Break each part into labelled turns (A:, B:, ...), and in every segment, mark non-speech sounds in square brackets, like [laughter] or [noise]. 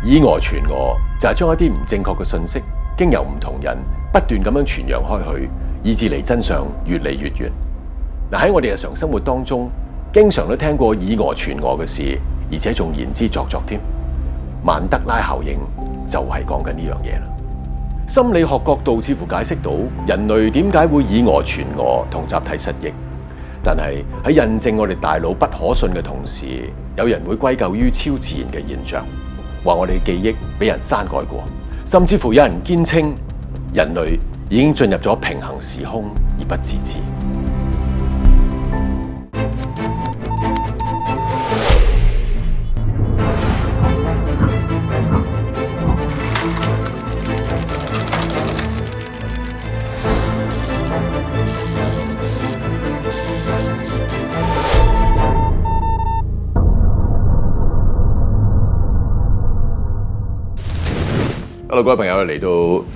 A: 以訛傳訛就係將一啲唔正確嘅信息，經由唔同人不斷咁樣傳揚開去，以至離真相越嚟越遠。嗱喺我哋日常生活當中，經常都聽過以訛傳訛嘅事，而且仲言之鑿鑿添。曼德拉效應就係講緊呢樣嘢啦。心理學角度似乎解釋到人類點解會以訛傳訛同集體失憶，但係喺印證我哋大腦不可信嘅同時，有人會歸咎於超自然嘅現象。話我哋嘅記憶俾人刪改過，甚至乎有人堅稱人類已經進入咗平行時空而不自知。各位朋友嚟到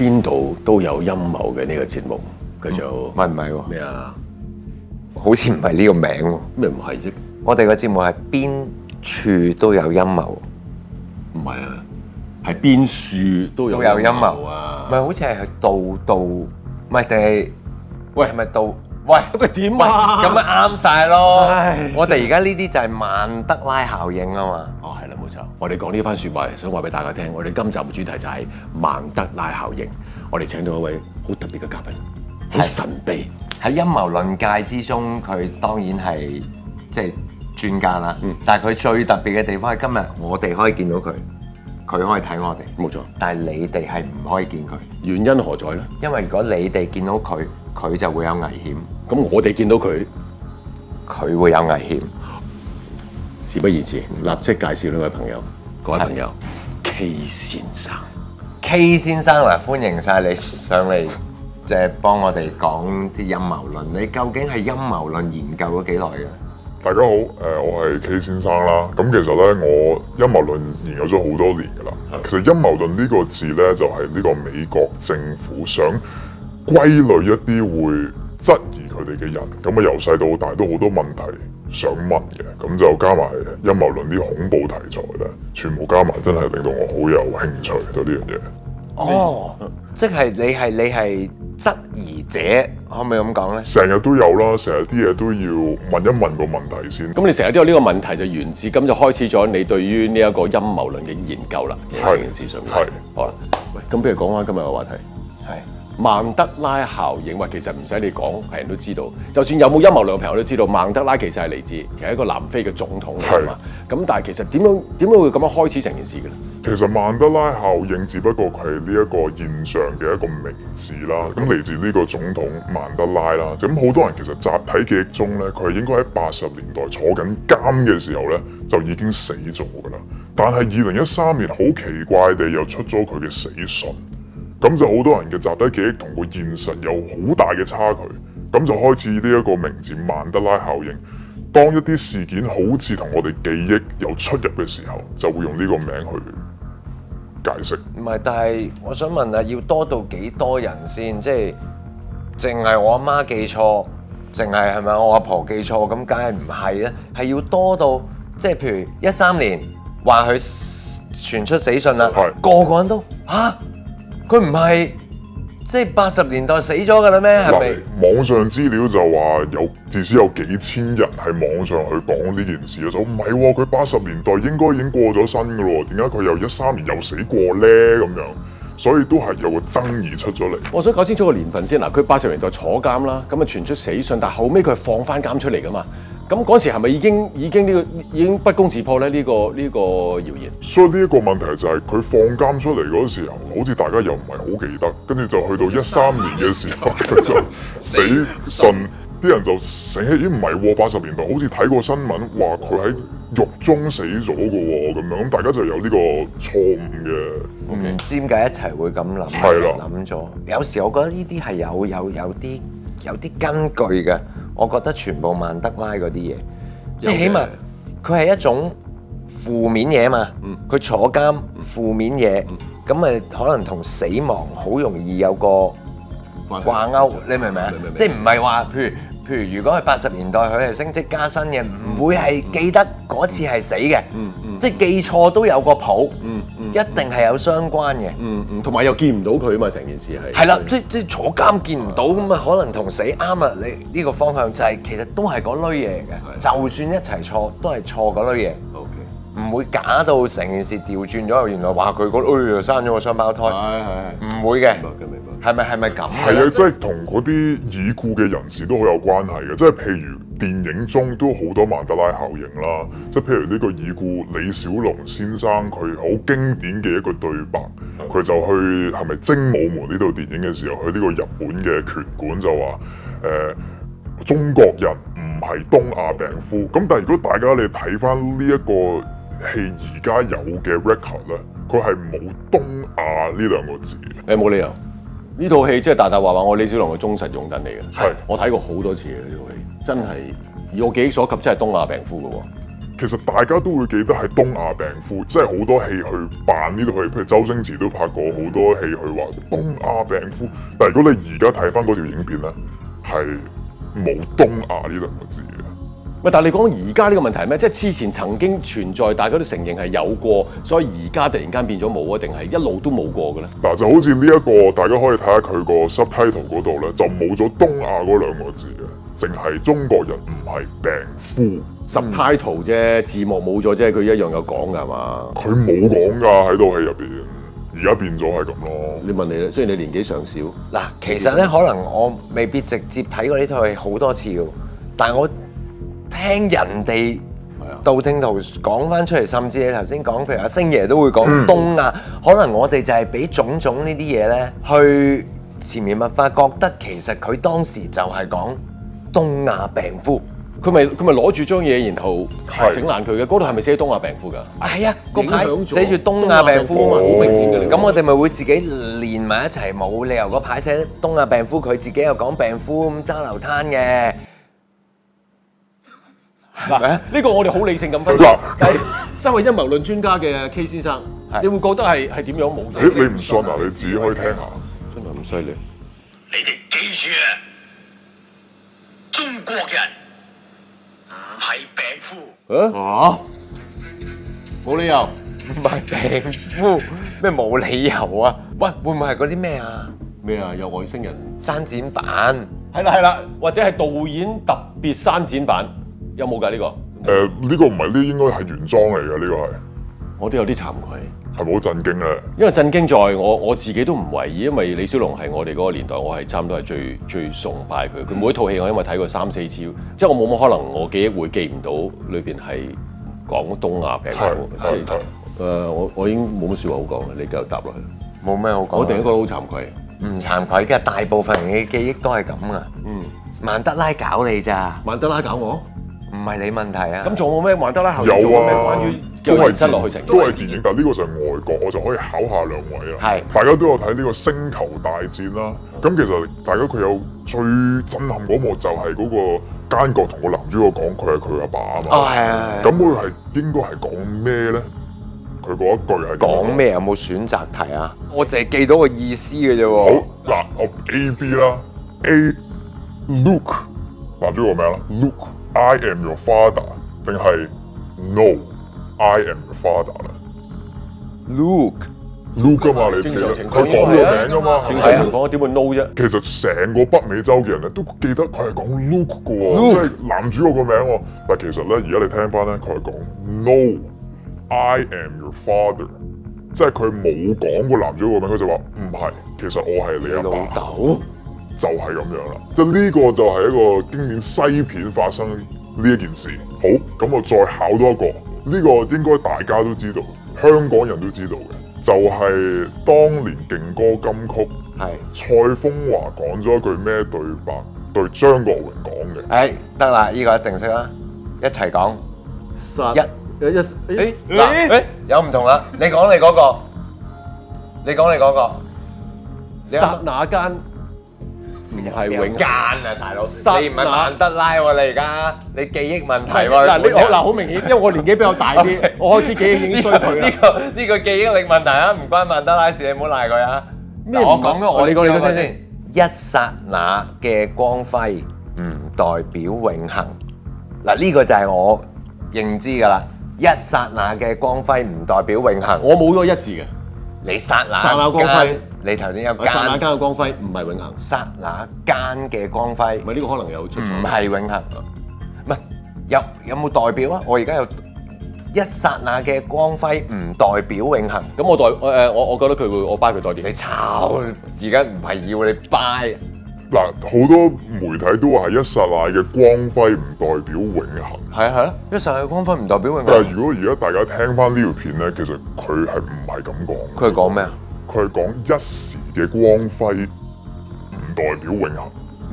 A: 邊度都有陰謀嘅呢個節目，佢就唔係唔係咩啊？咩？好似唔係呢個
B: 名，咩唔係啫？我哋個節目係邊處都有陰謀，唔係啊？係邊處都有陰謀啊？唔係好似係去到度，唔係定係喂？係咪到？喂，咁佢點啊？咁咪啱晒
A: 咯！唉我哋而家呢啲就係曼德拉效應啊嘛！哦，係啦，冇錯。我哋講呢番説話，想話俾大家聽。我哋今集嘅主題就係曼德拉效應。我哋請到一位
B: 好特別嘅嘉賓，
A: 好神
B: 秘。喺陰謀論界之中，佢當然係即係專家啦。嗯，但係佢最特別嘅地方係今日我哋可以見到佢，佢可以睇我哋。冇錯。但係你哋係唔可以見佢？原因何在咧？因為如果你哋見到佢，佢就會有危險。咁我哋見到佢，
A: 佢會有危險。事不宜遲，立即介紹兩位朋友。各位朋友，K 先生
B: ，K 先生，嗱，歡迎晒你上嚟，即係幫我哋講啲陰謀論。你究竟係陰謀論研究咗幾
C: 耐嘅？大家好，誒，我係 K 先生啦。咁其實咧，我陰謀論研究咗好多年噶啦。的其實陰謀論呢個字咧，就係呢個美國政府想歸類一啲會質疑佢哋嘅人，咁啊由細到大都好多問題想問嘅，咁就加埋陰謀論啲恐怖題材咧，全部加埋真係令到我好有興趣對呢樣嘢。
B: 哦，嗯、即係你係你係質疑
A: 者，嗯、可
B: 唔可以咁講咧？
C: 成日都有啦，成日啲嘢都要問
A: 一問個問題先。咁你成日都有呢個問題就源自咁就開始咗你對於呢一個陰謀論嘅研究啦。係是事實上係，是是好啦，喂，咁不如講翻今日嘅話題，係。曼德拉效應，哇！其實唔使你講，係人都知道。就算有冇陰謀論嘅朋友都知道，曼德拉其實係嚟自，其實係一個南非嘅總統嚟嘛。咁係但係其實點樣點樣會咁樣開始成件
C: 事嘅？其實曼德拉效應只不過佢係呢一個現象嘅一個名字啦。係嘅。咁嚟自呢個總統曼德拉啦。咁好多人其實集體記憶中咧，佢係應該喺八十年代坐緊監嘅時候咧，就已經死咗噶啦。但係二零一三年好奇怪地又出咗佢嘅死訊。咁就好多人嘅集體記憶同個現實有好大嘅差距，咁就開始呢一個名字曼德拉效應。當一啲事件好似同我哋記憶有出入嘅時候，就會用呢個名去解釋。
B: 唔係，但係我想問啊，要多到幾多人先？即係淨係我阿媽記錯，淨係係咪我阿婆、婆記錯？咁梗係唔係啊，係要多到即係，譬如一三年話佢傳出死訊啦，是個個人都吓。啊佢唔係即係八十年代死咗噶啦咩？係咪
C: 網上資料就話有至少有幾千人喺網上去講呢件事啊，就唔係佢八十年代應該已經過咗身噶咯點解佢又一三年又死過咧咁樣？所以都係有個爭議出咗嚟。
A: 我想搞清楚個年份先嗱，佢八十年代坐監啦，咁啊傳出死訊，但後尾佢係放翻監出嚟噶嘛。
C: 咁嗰時係咪已經已經呢、這個已經不攻自破咧？呢、這個呢、這個謠言。所以呢一個問題就係、是、佢放監出嚟嗰時候，好似大家又唔係好記得，跟住就去到一三年嘅時候， [music] 佢就死神啲人就醒起，咦唔係喎，八十年代好似睇過新聞話佢喺獄中死咗㗎喎咁樣，咁大家就有呢個錯誤嘅。唔 Okay. 知點解一齊會咁諗，係啦，諗咗了。有時我
B: 覺得呢啲係有有有啲有啲根據嘅。我覺得全部曼德拉嗰啲嘢，即係起碼佢係一種負面嘢嘛，佢坐監負面嘢，咁咪可能同死亡好容易有個掛勾，你明唔明啊？即係唔係話，譬如譬如如果係八十年代，佢係升職加薪嘅，唔會係記得嗰次係死嘅，即係記錯都有個譜。
A: 一定係有相關嘅，嗯嗯，同埋又見唔到佢嘛，成件事係，係啦，
B: 即即坐監見唔到，咁啊可能同死啱啊，你呢個方向就係其實都係嗰類嘢嚟嘅，就算一齊錯都係錯嗰類嘢，OK，唔會假到成件事調轉咗，原來話佢嗰類又生咗個雙胞胎，係係，唔會嘅，係咪係咪
C: 咁？係啊，即係同嗰啲已故嘅人士都好有關係嘅，即係譬如。電影中都好多曼德拉效應啦，即係譬如呢個已故李小龍先生佢好經典嘅一個對白，佢就去係咪精武門呢套電影嘅時候，去呢個日本嘅拳館就話：誒、呃，中國人唔係東亞病夫。咁但係如果大家你睇翻呢一個戲而家有嘅 record 咧，佢係冇東亞呢兩個字嘅。誒，冇理由。呢套戲即係
A: 大大話話，我李小龍嘅忠實擁躉嚟。嘅是。係，我睇過好多次嘅呢套戲，真係以我記
C: 憶所及，真係東亞病夫嘅喎。其實大家都會記得係東亞病夫，即係好多戲去扮呢套戲，譬如周星馳都拍過好多戲去話東亞病夫。但係如果你而家睇翻嗰條影片咧，係冇東亞呢兩個字。
A: 喂，但係你講而家呢個問題係咩？即係之前曾經存在，大家都承認係有過，所以而家突然間變咗冇啊？定係一路都冇過嘅咧？
C: 嗱，就好似呢一個，大家可以睇下佢個 subtitle 嗰度咧，就冇咗東亞嗰兩個字嘅，淨係中國人唔係病夫、嗯、subtitle 啫，字幕冇咗啫，佢一樣有講㗎係嘛？佢冇
A: 講㗎喺度喺入邊，而家變咗係咁咯。你問你咧，雖然你年紀尚小，嗱，
B: 其實咧可能我未必直接睇過呢套戲好多次嘅，但係我。聽人哋道聽途講翻出嚟，甚至你頭先講，譬如阿星爺都會講東亞，可能我哋就係俾種種呢啲嘢咧，去潛移默
A: 化覺得其實佢當時就係講東亞病夫，佢咪佢咪攞住張嘢然後整爛佢嘅，嗰度係咪寫東亞病夫㗎？係
B: 啊，個牌寫住
A: 東亞病夫啊嘛，好明顯嘅。咁我哋咪會自己連埋一齊，冇理由個牌寫
B: 東亞病夫，佢自己又講病夫咁揸流攤嘅。
A: 嗱，呢個我哋好理性咁分析。嗱， [laughs] 係身為陰謀論專家嘅 K 先生， [laughs] 你會覺得係係點樣冇？你你唔
C: 信啊？你自己可以聽下， [laughs] 真係咁犀利。
A: 你哋記住啊，中國人唔
B: 係病夫。嚇、啊？冇、啊、理由唔係
A: 病夫咩？冇理由啊？喂，會唔會係嗰啲咩啊？咩啊？有外星人刪剪版，係啦係啦，或者係導演特別刪剪版。有冇㗎呢個？
C: 誒呢個唔係呢，應該係原裝嚟嘅呢個係。我都有啲慚愧。
A: 係冇好震驚啊！因為震驚在我我自己都唔為意，因為李小龍係我哋嗰個年代，我係差唔多係最最崇拜佢。佢每一套戲我因為睇過三四次，即係我冇乜可能我記憶會記唔到裏邊係講東亞病夫嘅。係我我已經冇乜説話好講啦，你繼續答落去。冇咩好講。我突然間覺得好慚愧。唔慚愧嘅，大
B: 部分人嘅記憶都係咁啊。嗯。曼德拉搞你咋？曼德拉搞我？
C: 唔係你問題啊！咁
A: 仲有冇咩玩得啦？有，有啊，關於叫係出落去成都係
C: 電影，但呢個就係外國，我就可以考下兩位啦。係是，大家都有睇呢個《星球大戰》啦、嗯。咁其實大家佢有最震撼嗰幕就係嗰個奸角同個男主角講佢係佢阿爸，爸、哦、啊嘛。係咁佢係應該係講咩咧？佢嗰一句係講咩？有冇選擇題啊？我淨係記到個意思嘅啫。好，嗱，我 A B 啦，A Luke 男主角咩啦 Luke I am your father，定係 No，I am your father 啦 Luke, Luke,、嗯。Luke，Luke 噶嘛你聽佢講個名噶嘛，正常情況點會 no 啫？其實成個北美洲嘅人咧都記得佢係講 Luke 噶，即係男主角個名。但其實咧而家你聽翻咧，佢係講 No，I am your father，即係佢冇講過男主角個名，佢就話唔係，其實我係你阿爸，爸。就係咁樣啦，即係呢個就係一個經典西片發生呢一件事。好，咁我再考多一個，呢、這個應該大家都知道，香港人都知道嘅，就係、是、當年勁歌金曲，係的蔡楓華講咗一句咩對白，對張國榮講嘅。誒得啦，呢、這個一定識啦，
B: 一齊講。殺一
A: 有一誒嗱
B: 誒，有唔同啦，你講你嗰、那個，你講你嗰、那個，霎那間，
A: 唔係永間
B: 啊，大佬！你唔係曼德拉喎，你而家你記憶問題喎。嗱，呢嗱好
A: 明顯，因為我年紀比較大啲，我開始記憶已經衰退
B: 啦。呢個呢個記憶力問題啊，唔關曼德拉事，你唔好賴佢啊。
A: 咩？我講嘅，我你講你講先。
B: 一剎那嘅光輝唔代表永恆。嗱，呢個就係我認知㗎喇。一剎那嘅光輝唔代表永恆。我冇咗一字嘅。你剎那剎那光輝。你頭先有剎那間嘅光輝，唔係永恆。剎那間嘅光輝，咪呢個可能有出錯。唔係永恆，唔係有有冇代表啊？我而家有一剎那嘅光輝，唔代表永
A: 恆。咁我代誒、呃、我我覺得佢會我拜佢多啲。你炒而家唔係要你 buy。
C: 嗱，好多媒體都話係一剎那嘅光輝唔代表永恆。係啊係啊，一剎那嘅光輝唔代表永恆。但係如果而家大家聽翻呢條片咧，其實佢係唔係咁講？佢係講咩啊？佢係講一時嘅光輝，唔代表永恆，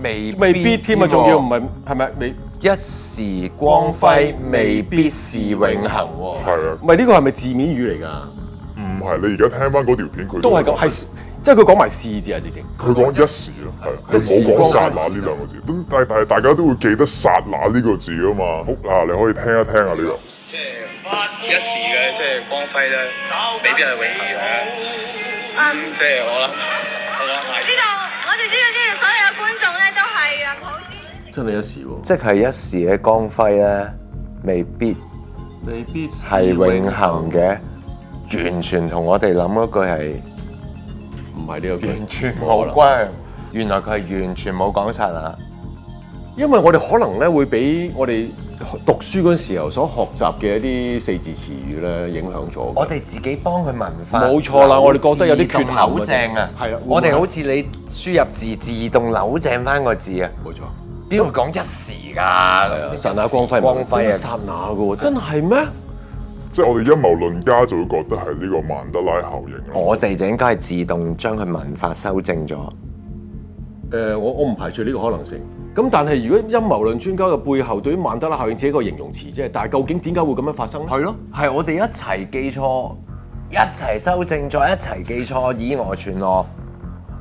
A: 未未必添啊！仲要唔係係咪？未
C: 麼一時
A: 光輝未必是永恆喎。係啊對，唔係呢個係咪字面語嚟㗎？
C: 唔係你而家聽翻嗰條片，佢都係講
A: 係，即係佢講埋時字啊！之前佢講一時
C: 啊，係佢冇講剎那呢兩個字。咁但係但係大家都會記得剎那呢、這個字啊嘛。好啊，你可以聽一聽啊呢度，即係一時嘅即
B: 係光輝咧，未必係永恆嘅。即係我啦，我知道，我哋知道呢
C: 度所有嘅觀眾咧
B: 都係啊！真係一時喎、哦，即係一時嘅光輝咧，未必，
C: 未必係永恆
B: 嘅，完全同我哋諗嗰句係唔係呢個完全冇關。原
A: 來佢係完全冇講晒啊！因為我哋可能咧會俾我哋讀書嗰陣時候所學習嘅一啲四字詞語咧，影響咗。我哋自己幫
B: 佢文化。冇錯啦，我哋覺得有啲缺口正啊。係啊，我哋好似
A: 你輸入字
B: 自動扭正翻個字啊。冇錯。邊度講一時㗎？係啊，剎那光輝，光輝啊！剎
C: 那嘅真係咩？即係我哋陰謀論家就會覺得係呢個
B: 曼德拉效應我哋就應該係自動將佢文化修正咗。
A: 誒，我我唔排除呢個可能性。咁但係如果陰謀論專家嘅背後對於曼德拉效應自己一個形容詞啫，但係究竟點解會咁樣發生咧？係咯，係我哋一齊記錯，一
B: 齊修正，再一齊記錯，以訛傳訛。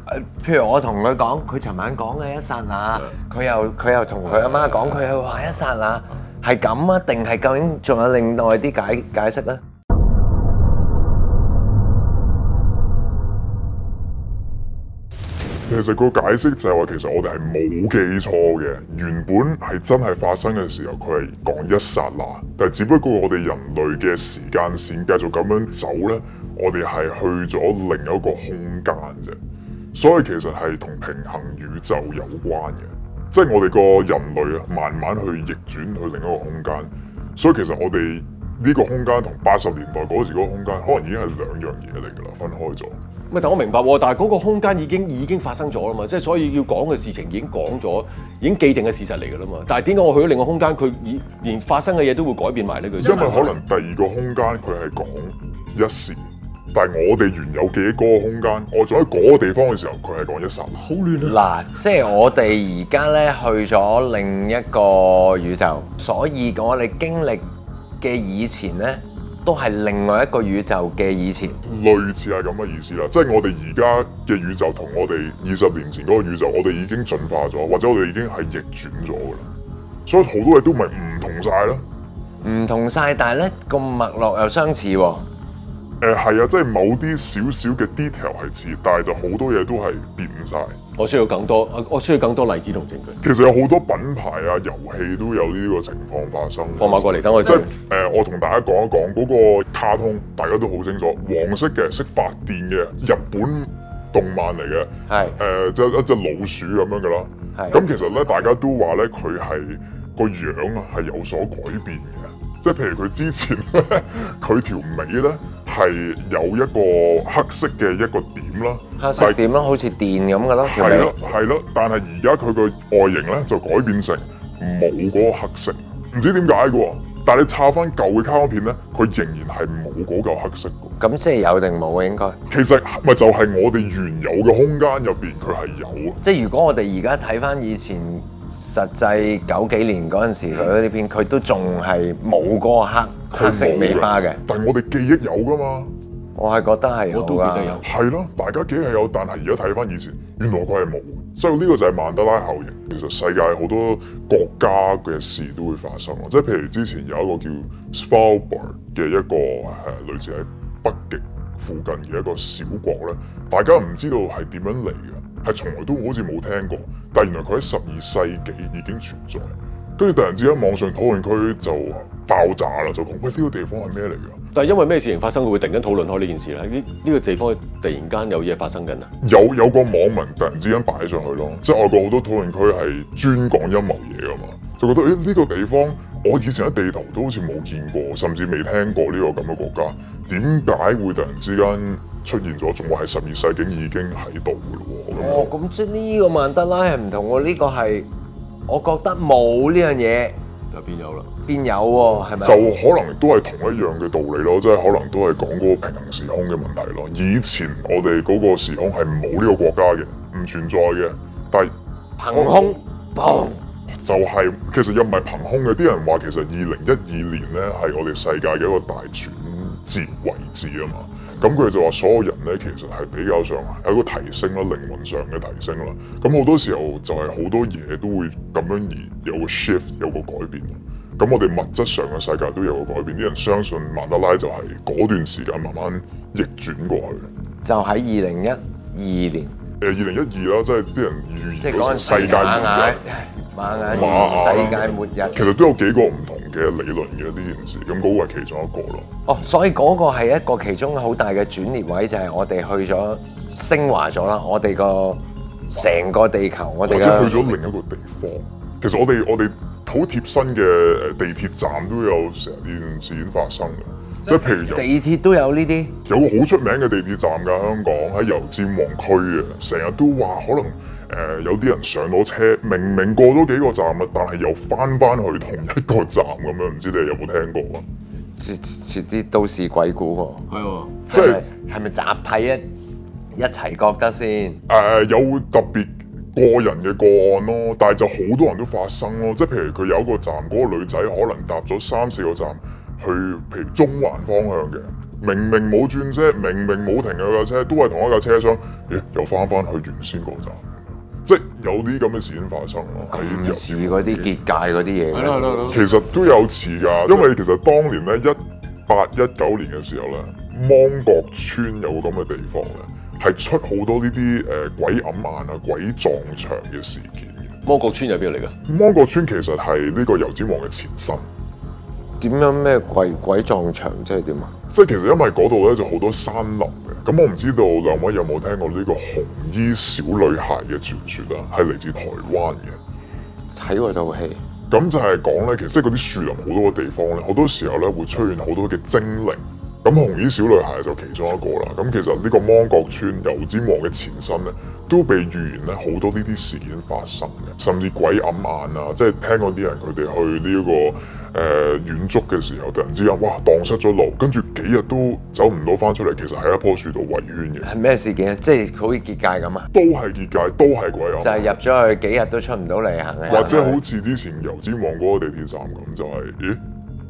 B: 誒，譬如我同佢講，佢尋晚講嘅一剎那，佢、嗯、又佢又同佢阿媽講，佢去話一剎那係咁啊？定係、嗯、究竟仲有另外啲解解釋呢？
C: 其實個解釋就係話，其實我哋係冇記錯嘅。原本係真係發生嘅時候，佢係講一剎那，但係只不過我哋人類嘅時間綫繼續咁樣走呢，我哋係去咗另一個空間啫。所以其實係同平衡宇宙有關嘅，即係我哋個人類啊，慢慢去逆轉去另一個空間。所以其實我哋呢個空間同八十年代嗰時嗰個空間，可能已經係兩樣嘢嚟噶啦，分開咗。但我明白喎。但係嗰個空間已經已經發生咗啦嘛，即係所以
A: 要講嘅事情已經講咗，已經既定嘅事實嚟噶啦嘛。但係點解我去咗另外空間，佢已連
C: 發生嘅嘢都會改變埋咧？佢因為可能第二個空間佢係講一時，但係我哋原有嘅嗰個空間，我仲喺嗰個地方嘅時候，佢係講一時。好亂啊！嗱，
B: 即係我哋而家咧去咗另一個宇宙，所以我哋經歷嘅
C: 以前咧，都係另外一個宇宙嘅以前，類似係咁嘅意思啦。即係我哋而家嘅宇宙同我哋二十年前嗰個宇宙，我哋已經進化咗，或者我哋已經係逆轉咗噶啦。所以好多嘢都唔係唔同晒咯，唔同晒，但係咧咁脈絡又相似喎。誒係、呃、啊，即係某啲少少嘅 detail 係似，但係就好多嘢都係變晒。我需要更多，我需要更多例子同證據。其實有好多品牌啊、遊戲都有呢個情況發生。放馬過嚟以等我即係誒，我同大家講一講嗰個卡通，大家都好清楚，黃色嘅識發電嘅日本動漫嚟嘅，係誒即係一隻老鼠咁樣噶啦。咁是、嗯、其實咧，大家都話咧，佢係個樣啊係有所改變嘅，即係譬如佢之前咧，佢 [laughs] 條尾咧。係有一個黑色嘅一個點啦，黑色點啦，是好似電咁嘅咯，係咯係咯，但係而家佢個外形咧的就改變成冇嗰個黑色，唔知點解嘅喎。但係你插翻舊嘅卡片咧，佢仍然係冇嗰個黑色嘅。咁即係有定冇應該？其實咪就係、是、我哋原有嘅空間入邊，佢係有。即係如
B: 果我哋而家睇翻以前實際九幾年嗰陣時佢嗰啲片，佢都
C: 仲係冇嗰個黑。褪色未花嘅，但係我哋記憶有㗎嘛？我係覺得係，我都記得有。係咯，大家記憶有，但係而家睇翻以前，原來佢係冇，所以呢個就係曼德拉效應。其實世界好多國家嘅事都會發生，即係譬如之前有一個叫 Svalbard 嘅一個誒，類似喺北極附近嘅一個小國咧，大家唔知道係點樣嚟嘅，係從來都好似冇聽過，但係原來佢喺十二世紀已經存在。跟住突然之間，網上討論區就爆炸啦！就講喂，呢、哎呢個地方係咩嚟㗎？但係因為咩事情發生，佢會突然間討論開呢件事咧？呢呢、呢個地方突然間有嘢發生緊啊？有有個網民突然之間擺上去咯，即係外國好多討論區係專講陰謀嘢㗎嘛，就覺得誒呢、哎呢個地方，我以前喺地圖都好似冇見過，甚至未聽過呢個咁嘅國家，點解會突然之間出現咗？仲話係十二世紀已經喺度嘅喎，咁哦，
B: 咁即係呢個曼德拉係唔同，我、呢、呢個係。我覺得冇呢樣嘢，
C: 就變有啦。
B: 變有喎、啊，係咪？就可能
C: 都係同一樣嘅道理咯，即係可能都係講嗰個平行時空嘅問題咯。以前我哋嗰個時空係冇呢個國家嘅，唔存在嘅。但係，憑空砰，就係、是、其實又唔係憑空嘅。啲人話其實二零一二年咧係我哋世界嘅一個大轉折位置啊嘛。咁佢就話所有人咧，其實係比較上有一個提升啦，靈魂上嘅提升啦。咁好多時候就係好多嘢都會咁樣而有個 shift，有個改變。咁我哋物質上嘅世界都有個改變。啲人相信曼德拉就係嗰段時間慢慢逆轉過去。就喺二零一二年。誒、呃，二零一二啦，即係啲人預言、啊、世界哇世界末日其實都有幾個唔同嘅理論嘅呢件事，咁、那、嗰個係其中一個咯。
B: 哦，所以嗰個係一個其中好大嘅轉捩位，就係、是、我哋去咗升華咗啦，我哋個成個地
C: 球，哇我哋即係去咗另一個地方。其實我哋我哋好貼身嘅誒地鐵站都有成件事件發生嘅，即係是譬如地鐵都有呢啲。有個好出名嘅地鐵站嘅香港喺油尖旺區嘅，成日都話可能。誒、呃、有啲人上到車，明明過咗幾個站啦，但係又翻翻去同一個站咁樣，唔知你有冇聽過啊？節節都市鬼故喎，即係
B: 係咪集體一一齊覺得先？
C: 誒、呃、有特別個人嘅個案咯，但係就好多人都發生咯，即係譬如佢有一個站嗰、那個女仔，可能搭咗三四個站去譬如中環方向嘅，明明冇轉車，明明冇停嘅架車，都係同一架車廂，咦又翻翻去原先個站。即係有啲咁嘅事件發生咯，似嗰啲結界嗰啲嘢， [noise] [noise] 其實都有似噶。因為其實當年咧一八一九年嘅時候咧，芒果村有個咁嘅地方咧，係出好多呢啲誒鬼揞眼啊、鬼撞牆嘅事件嘅。芒果村係邊度嚟噶？芒果村其實係呢個油尖旺嘅前身。點樣咩鬼鬼撞牆即係點啊？即係其實因為嗰度咧就好多山林。咁我唔知道兩位有冇聽過呢個紅衣小女孩嘅傳說啦，係嚟自台灣嘅。睇過部戲，咁 [noise] 就係講咧，其實即係嗰啲樹林好多嘅地方咧，好多時候咧會出現好多嘅精靈。咁紅衣小女孩就其中一個啦。咁其實呢個芒角村油尖旺嘅前身咧，都被預言咧好多呢啲事件發生嘅，甚至鬼揞眼啊！即係聽講啲人佢哋去呢、這個誒、呃、遠足嘅時候，突然之間哇，蕩失咗路，跟住幾日都走唔到返出嚟，其實喺一棵樹度圍圈嘅。係咩事件、就是、啊？即係好似結界咁啊？都係結界，都係鬼啊！就係入
B: 咗去幾日都出唔到嚟，行或者好似
C: 之前油尖旺嗰個地鐵站咁，就係、是、咦，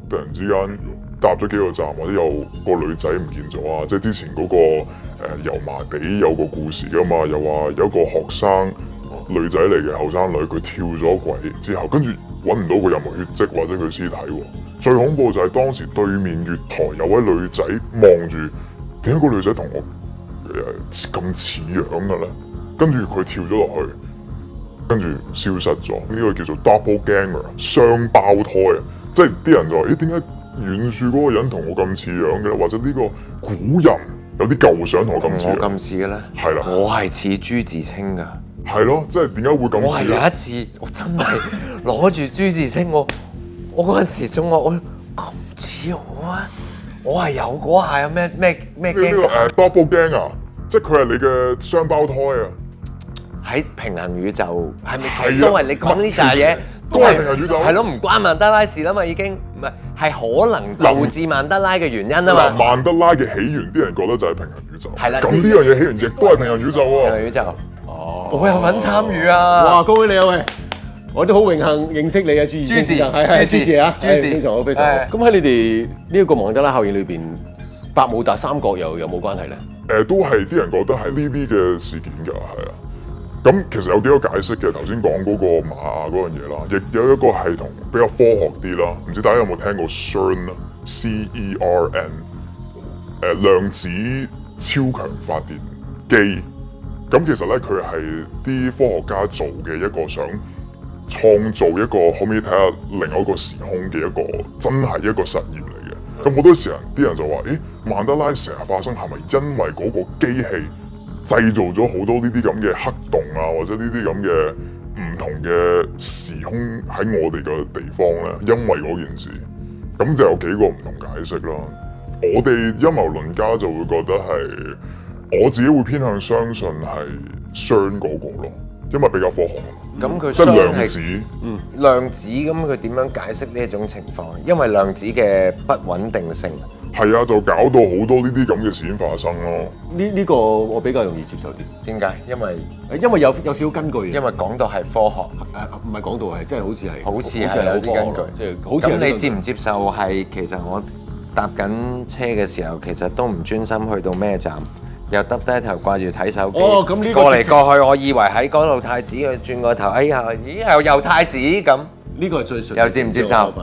C: 突然之間。搭咗幾個站，或者有個女仔唔見咗啊！即係之前嗰、那個誒、呃、油麻地有個故事噶嘛，又話有一個學生女仔嚟嘅後生女，佢跳咗軌之後，跟住搵唔到佢任何血跡或者佢屍體。最恐怖就係當時對面月台有位女仔望住，點解個女仔同我誒咁似樣嘅咧？跟住佢跳咗落去，跟住消失咗。呢、這個叫做 double ganger 雙胞胎啊！即係啲人就話：咦、欸，點解？遠處嗰個人同我咁似樣嘅，或者呢個古人有啲舊相同我咁似。咁似嘅咧？係啦了，我係似朱自清噶。係咯，即係
B: 點解會咁？我係有一次，我真係攞住朱自清，我我嗰陣時仲話我咁似我啊！我係有嗰下咩咩咩？呢、這個誒、呃、
C: Double Gang 啊，即係佢係你嘅雙胞胎啊！喺平行宇宙係咪？係啊，都係你講呢扎嘢，都係平行宇宙。係咯，唔
B: 關曼德拉事啦嘛，已經
C: 唔係。係可能導致曼德拉嘅原因啊嘛，曼德拉嘅起源，啲人覺得就係平行宇宙。係啦，咁呢樣嘢起源亦都係平行宇宙。平行宇宙，
A: 我有份參與啊！哇，恭喜你啊喂，我都好榮幸認識你啊，朱志先生，係係朱志啊，朱志非常好非常好。咁喺你哋呢一個曼德拉效應裏邊，百慕達三角又有冇關
C: 係咧？誒，都係啲人覺得係呢啲嘅事件㗎，係啊。咁其實有幾個解釋嘅，頭先講嗰個馬雅嗰樣嘢啦，亦有一個係同比較科學啲啦，唔知大家有冇聽過 CERN 啦，C E R N，誒、ER 呃、量子超強發電機，咁其實咧佢係啲科學家做嘅一個想創造一個可唔可以睇下另外一個時空嘅一個真係一個實驗嚟嘅，咁好多時候人啲人就話，誒，曼德拉成日發生係咪因為嗰個機器？製造咗好多呢啲咁嘅黑洞啊，或者呢啲咁嘅唔同嘅時空喺我哋嘅地方咧，因為嗰件事，咁就有幾個唔同解釋啦。我哋陰謀論家就會覺得係，我自己會偏向相信係雙嗰個咯，因為比較科學。咁佢即係量子，
B: 嗯，量子咁佢點樣解釋呢一種情況？
C: 因為量子嘅不穩定性。係啊，就搞到好多呢啲咁嘅事發生
A: 咯。呢，呢個我比較容易接受啲。點解？因為，因為有有少根據，因為講到係科學，唔係講到係，即係好似係，好似係有啲根據。即係好似，你接
B: 唔接受？係其實我搭緊車嘅時候，其實都唔專心去到咩站，又耷低頭掛住睇手機。哦，咁呢個過嚟過去，我以為喺嗰度太子，佢轉個頭，哎呀，咦，又又太子咁。呢個係最順，又接唔接受？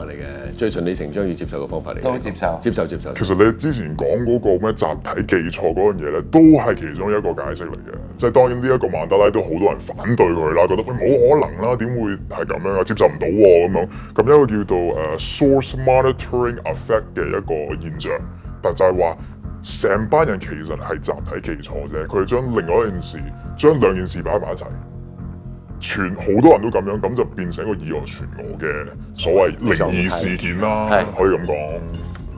C: 最順理成章要接受嘅方法嚟嘅，都接受，接受，接受，接受。其實你之前講嗰個咩集體記錯嗰樣嘢咧，都係其中一個解釋嚟嘅。即係當然呢一個曼德拉都好多人反對佢啦，覺得佢冇可能啦，點會係咁樣啊？接受唔到喎咁樣。咁一個叫做誒、uh, source monitoring effect 嘅一個現象，但就係話成班人其實係集體記錯啫，佢將另外一件事，將兩件事擺埋一齊。全好多人都咁樣，咁就變成一個以訛傳訛嘅所謂靈異事件啦，係可以咁講。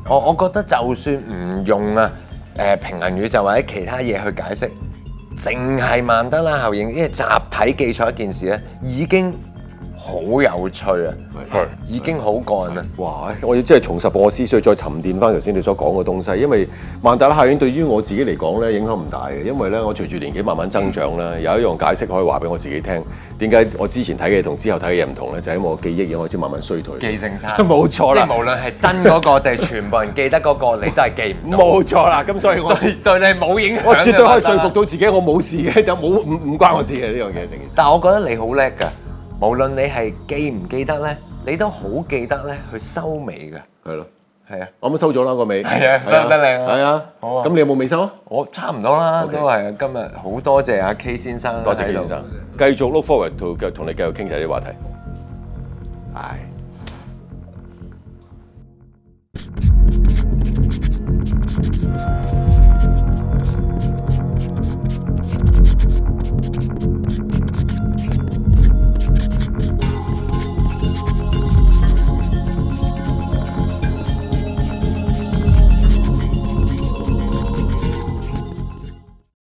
C: 我我覺得就算唔用啊，誒、呃、平行宇
B: 宙或者其他嘢去解釋，淨係曼德拉效應，因為集體記錯一件事咧，已經。
A: 好有趣啊！係已經好趕啦！哇！我要即係重拾我思緒，需要再沉澱翻頭先你所講嘅東西，因為曼德拉效應對於我自己嚟講咧影響唔大嘅，因為咧我隨住年紀慢慢增長啦，嗯、有一樣解釋可以話俾我自己聽，點解我之前睇嘅同之後睇嘅嘢唔同咧？就係、是、因為我記憶嘢開始慢慢衰退，記
B: 性差，冇錯 [laughs] 啦。 [laughs] 即係無論係真嗰、那個定全部人記得嗰、那個，你都係記唔到。冇錯 [laughs]
A: 啦，咁所以我所以
B: 對你冇影響。 [laughs] 我絕對可以說服
A: 到自己， [laughs] 我冇事嘅，就冇唔唔關我事嘅呢樣嘢。件事 [laughs] 但係我覺得你
B: 好叻㗎。無論你係記唔記得咧，你都好記得咧去修眉嘅。係咯，係啊，啱啱修咗啦個眉，係啊，修得靚啊，係啊，好啊，咁你有冇眉修啊？我差唔多啦，都係啊，今日好多謝阿 K 先生喺度，多謝 K 先生，繼續 look
A: forward to 同同你繼續傾偈，啲話題，係。